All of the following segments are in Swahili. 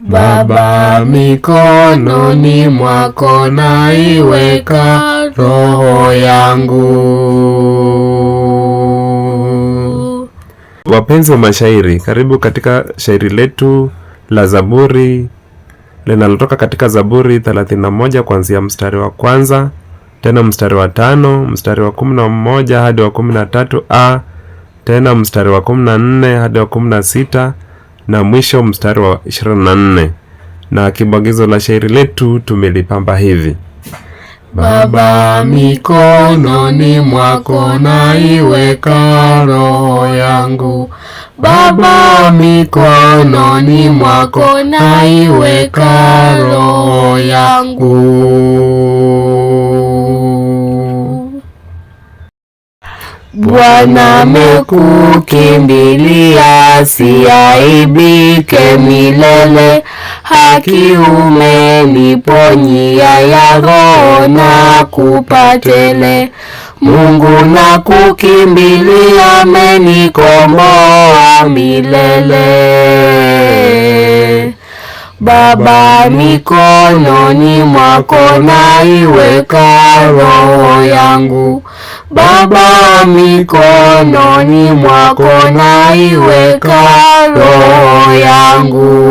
Baba, mikononi mwako naiweka roho yangu. Wapenzi wa mashairi, karibu katika shairi letu la Zaburi linalotoka katika Zaburi 31 kuanzia mstari wa kwanza, tena mstari wa tano, mstari wa kumi na moja hadi wa kumi na tatu a, tena mstari wa kumi na nne hadi wa kumi na sita na mwisho mstari wa 24, na kibwagizo la shairi letu tumelipamba hivi: Baba, mikononi mwako naiweka roho yangu. Baba, mikononi mwako naiweka roho yangu. Bwana amekukimbilia, siaibike milele. Haki umeniponyia, ya roho na kupatele Mungu nakukimbilia, amenikomboa milele. Baba, mikononi mwako naiweka roho yangu. Baba, mikononi mwako naiweka roho yangu.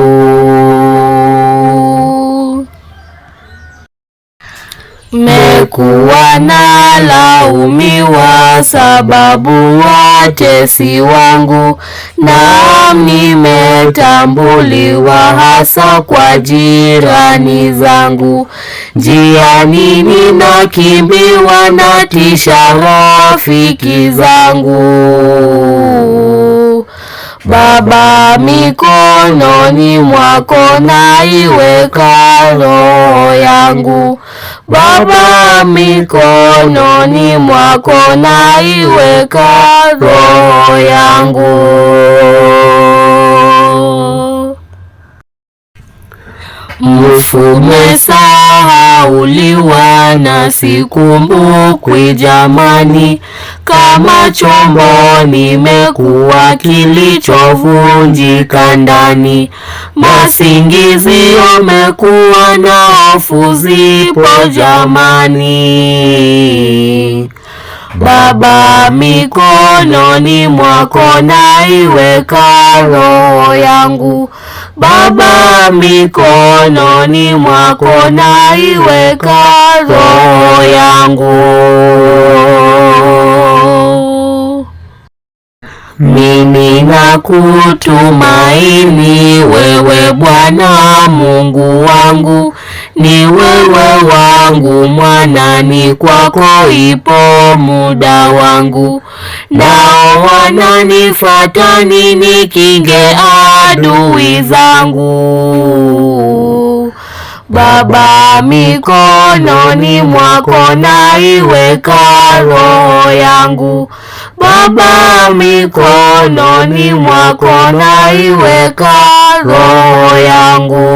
mekuwa na laumiwa, sababu watesi si wangu, naam nimetambuliwa, hasa kwa jirani zangu. Njiani ninakimbiwa, tisha rafiki zangu. Baba, mikononi mwako naiweka roho yangu. Baba, mikononi mwako naiweka roho yangu. Msumesahauliwa na sikumbukwi jamani, kama chombo nimekuwa kilichovunjika ndani. Masingizio mekuwa na hofu zipo jamani. Baba, mikononi mwako naiweka roho yangu Baba, mikononi mwako naiweka roho yangu. Mimi nakutumaini wewe Bwana Mungu wangu, ni wewe wangu mwana, ni kwako ipo muda wangu na wananifatani kinge adui zangu. Baba, mikononi mwako naiweka roho yangu. Baba, mikononi mwako naiweka roho yangu.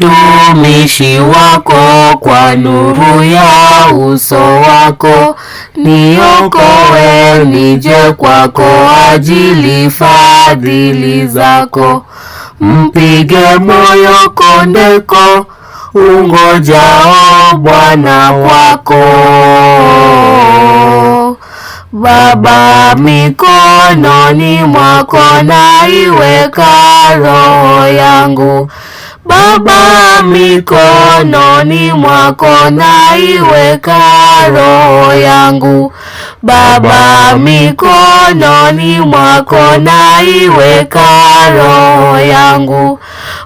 mtumishi wako, kwa nuru ya uso wako niokoe, nije kwako ajili fadhili zako. Mpige moyo kondeko ungojao Bwana wako. Baba, mikononi mwako naiweka roho yangu Baba, mikononi mwako naiweka roho yangu. Baba, mikononi mwako naiweka roho yangu.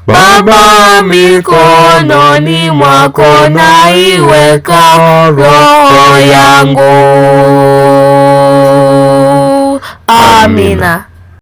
Baba, mikononi mwako naiweka roho yangu. Amina.